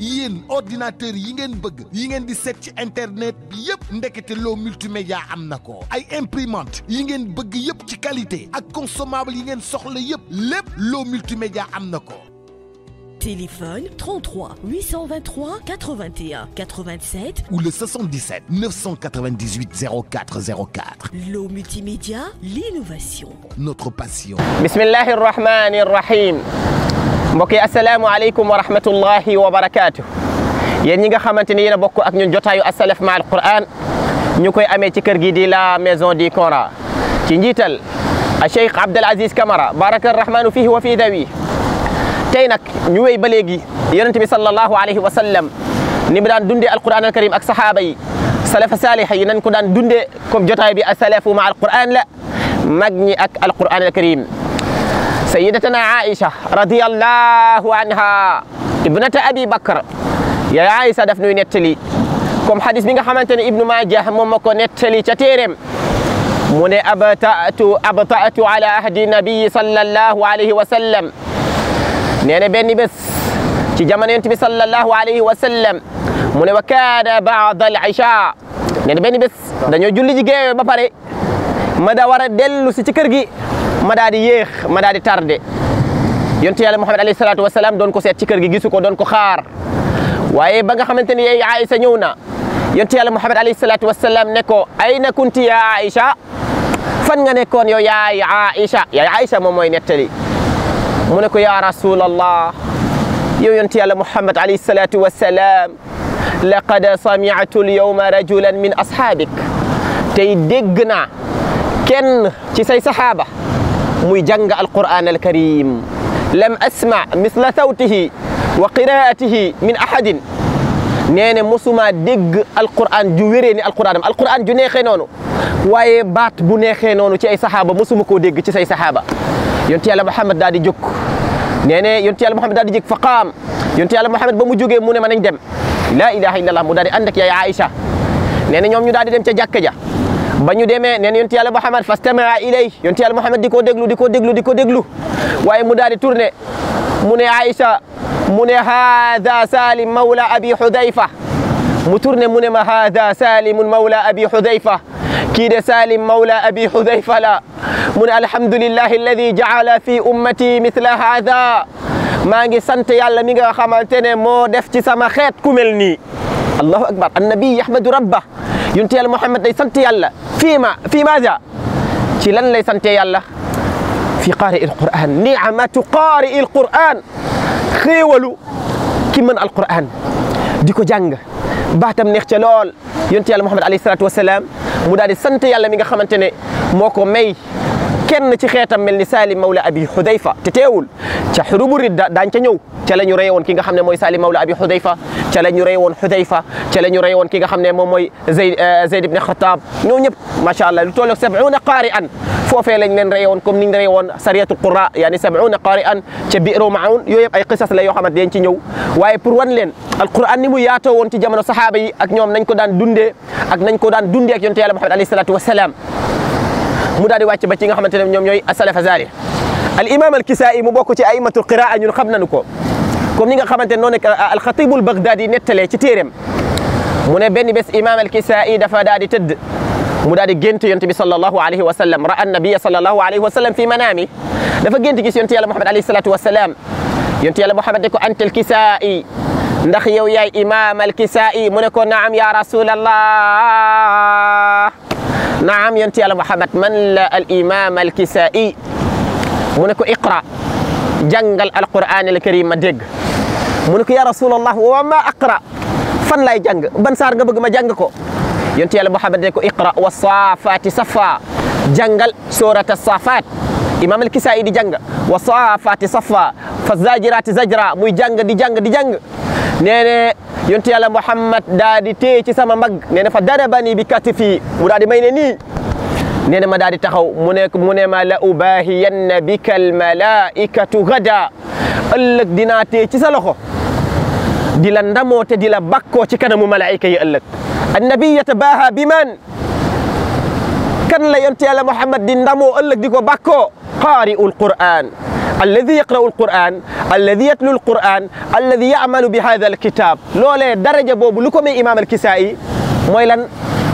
un ordinateur yi ngeen bëgg yi ngeen di un internet bi yépp ndekete loo multimédia am na ay imprimante yi ngeen bëgg yépp ci qualité ak consommable yi ngeen soxla yépp lépp loo multimédia am na Téléphone 33 823 81 87 ou le 77 998 0404. 04. L'eau multimédia, l'innovation. Notre passion. Bismillahir Rahim. mbokk assalamu alaykum wa rahmatullahi wa barakatuh yéen ñi nga xamante ni yéen a bokk ak ñun jotaayu asalaf ma al Qur'an ñu koy amee ci kër gi di la maison du Coran ci njiital Cheikh Abdel Aziz kamara baraka rahmaanu fihi wa fi dawi tey nag ñu wéy ba léegi yonente bi sallallahu alayhi wa sallam ni mu daan dundé quran al karim ak sahaaba yi salafa saaliha yi nañ ko daan dundee comme jotaay bi asalafu ma al Qur'an la magni ak al-quran al karim sayyidatana Aisha radiyallahu anha ibnata abi bakr ya Aisha daf nuy nettali comme hadis bi nga xamante ne ibnu Majah moom ma ko nettali ca téeréem mu ne abta'tu abta'tu ala ahdi nabiyi sallallahu alayhi wa sallam nee na benn bés ci jamono yonent bi sallallahu alayhi wa sallam mu ne wa kaana ba'da al-isha nee na benn bés dañoo julli ji géewe ba pare ma da war a dellu si ci kër gi ma daldi yéex ma daldi tardé yontu yàlla Muhammad ali sallatu wa don ko set ci kër gi gisu ko doon ko xaar waye ba nga xamanteni ay aisha ñewna ñëw yàlla Muhammad ali sallatu wa ne ko ayna kunti ya aisha fan nga nekkon yow yaay aisha yaay aisha moom moy netali mu ne ko ya rasul allah yow yontu yàlla Muhammad ali sallatu wa لقد سمعت اليوم رجلا من اصحابك تي دغنا كين سي naa kenn ميجنج القرآن الكريم لم أسمع مثل صوته وقراءته من أحد نين مسما دق القرآن جويرني القرآن القرآن جنيه خنونه واي بات بنيه خنونه تي أي صحابة مسمكو دق تي أي صحابة ينتي على محمد دادي جوك نين ينتي على محمد دادي جوك فقام ينتي على محمد بموجوجة مونة من عندم لا إله إلا الله مداري عندك يا عائشة نين يوم يداري دم تجاك جا bañu démé né ñent yàlla Muhammad fastamaa ilay ñent yàlla Muhammad diko déglu diko déglu diko déglu waye mu daali di tourné mu ne Aïcha mu ne haada Salim mawla abi hudhayfa mu tourné mu ne ma hadha salim mawla abi hudhayfa kii de Salim mawla abi Hudayfa la mu ne alhamdulillahi alladi jaala fi ummati mithla haada maa ngi sant yàlla mi nga xamante ne moo def ci sama xeet ku mel nii allahu akbar annabi yahmadu ينتي محمد لي سنتي الله فيما في ماذا تي لن لي سنتي الله في قارئ القرآن نعمة قارئ القرآن خيولو كمن القرآن ديكو جانغ باتم نيخ تلول ينتي محمد عليه الصلاة والسلام مدادي سنتي الله ميغا خمانتني موكو مي kenn ci xeetam mel ni Salim Mawla Abi Xudayfa te teewul ca xurubu ridda daañ ca ñëw ca la ñu rey woon ki nga xam ne mooy Salim Mawla Abi Xudayfa ca la ñu rey woon Xudayfa ca la ñu rey woon ki nga xam ne moom mooy Zayd Zayd ibn Xataab ñoo ñëpp macha allah lu toll ak sabuuna qaari an foofee lañ leen rey woon comme niñ rey woon Sariyatul Qurra yaani sabuuna qaari an ca Bi'ru Maun yooyu yëpp ay qisas la yoo xamante dañ ci ñëw waaye pour wan leen alquran ni mu yaatoo woon ci jamono sahaaba yi ak ñoom nañ ko daan dundee ak nañ ko daan dundee ak yonte yàlla Muhammad alayhi salaatu wasalaam mu daal wàcc ba ci nga xamantene ñom ñoy as-salaf azari al imam al kisai mu bokku ci aimatul qiraa ñun xam nañu ko comme ni nga xamante ne noonu al xatibul baghdadi netale ci terem mu ne benn bés imam al kisai dafa daal tëdd mu daal gént yonent bi sallallahu alayhi wa sallam ra an nabiy sallallahu alayhi wa sallam fi manami dafa gént gis yonent yàlla muhammad alayhi salatu wa salam yonent yàlla muhammad ko ko al-kisai ndax yow yaay imam al kisai mu ne ko naam ya rasul allah نعم ينتي على محمد من الإمام الكسائي منك اقرأ جنجل القرآن الكريم مدق منك يا رسول الله وما أقرأ فن لا يجنج بنصار قبل ما جنجكو ينتي على محمد اقرأ والصافات صفا جنجل سورة الصافات إمام الكسائي دي جنج والصافات صفا فزاجرات زجرة مي جنج دي جنج دي جنج نيني yonti yàlla Muhammad daa di téye ci sama mbagg nee na fa dara bani bi kati fii mu daa di may ne nii nee na ma daa di taxaw mu ne mu ne ma la ubaahiyanna bika almalaikatu gada ëllëg dinaa téye ci sa loxo di la ndamoo te di la bakkoo ci kanamu malaayika yi ëllëg annabi yatabaaha bi man kan la yonti yàlla Muhammad di ndamoo ëllëg di ko bakkoo qaari'ul Qur'an الذي يقرأ القرآن الذي يتلو القرآن الذي يعمل بهذا الكتاب لولا درجة بوب لكم إمام الكسائي مويلا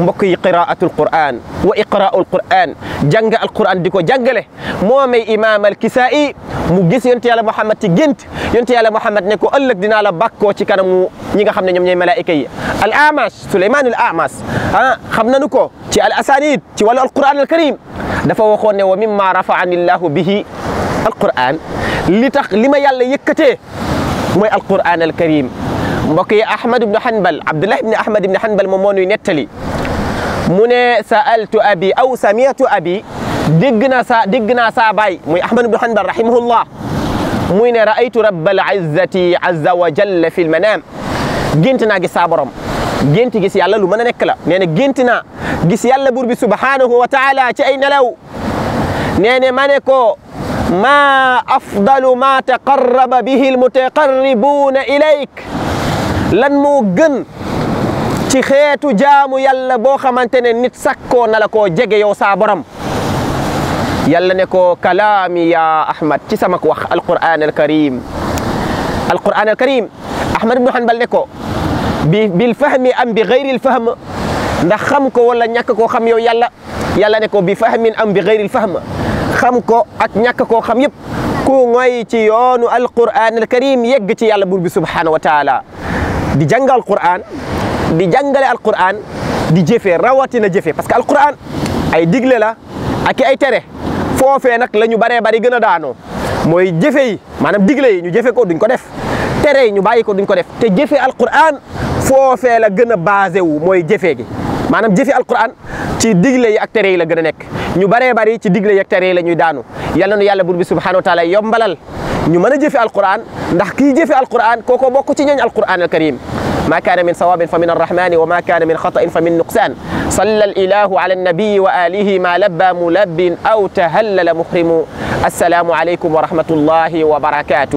مبكي قراءة القرآن وإقراء القرآن جنغ القرآن ديكو جنغله مومي إمام الكسائي مجيس ينتي على محمد تجنت ينتي على محمد نيكو ألق دينا على باكو تي كانوا نيغا خمنا نيوم نيوم ملائكي الأعمش سليمان الأعمس ها خمنا نكو تي الأسانيد تي القرآن الكريم دفا وخوني ومما رفعني الله به القران لي تخ لما يالا ييكتي موي القران الكريم مبوكي احمد بن حنبل عبد الله بن احمد بن حنبل مومونوي نيتالي من سالت ابي او سمعت ابي دغنا سا دغنا سا باي موي احمد بن حنبل رحمه الله موي رايت رب العزه عز وجل في المنام جنتنا جي سا بروم جنتي جي يالا لو مانا نيك لا نينا جنتنا جي يالا بور بي سبحانه وتعالى تي اين لو نينا مانيكو ما أفضل ما تقرب به المتقربون إليك لن موغن تي خيتو جامو يالا بو خمانتني نيت ساكو نالاكو جيغي يو صابرم يالا نيكو كلامي يا احمد تي سماك واخ القران الكريم القران الكريم احمد بن حنبل نيكو بالفهم ام بغير الفهم نخمكو ولا نياكو خم يو يالا يالا نيكو بفهم ام بغير الفهم xam ko ak ñàkk koo xam yëpp ku ngoy ci yoonu alquran al karim yegg ci yàlla buur bi subhaanahu wa taala di jàng alquran di jàngale alquran di jëfee rawatina jëfee parce que alquran ay digle la ak ay tere foofee nag la ñu baree bari gën a daanoo mooy jëfe yi maanaam digle yi ñu jëfe ko duñ ko def tere yi ñu bàyyi ko duñ ko def te jëfe alquran foofee la gën a basé wu mooy jëfe gi manam jëfi alquran ci digle yi ak tere yi la gëna nek ñu baree bari ci digle yi ak tere yi la ñuy daanu yàlla nu yàlla bur bi subhanahu wa taala yombalal ñu mëna a jëfi alquran ndax ki jëfi alquran koko bokku ci ñooñ alquran alkarim ما كان من صواب فمن الرحمن وما كان من خطأ فمن نقصان صلى الإله على النبي وآله ما لبى ملب أو تهلل مخرم السلام عليكم ورحمة الله وبركاته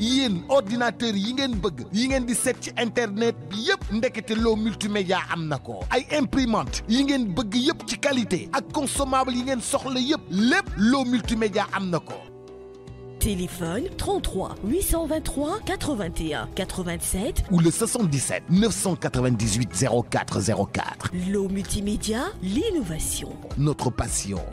yéen ordinateur yi ngeen bëgg yi ngeen di internet bi yëpp ndekete loo multimédia am na ko ay imprimante yi ngeen bëgg yépp ci qualité ak consommable yi ngeen soxla yépp lépp loo multimédia am na Téléphone 33 823 81 87 ou le 77 998 0404. L'eau multimédia, l'innovation. Notre passion.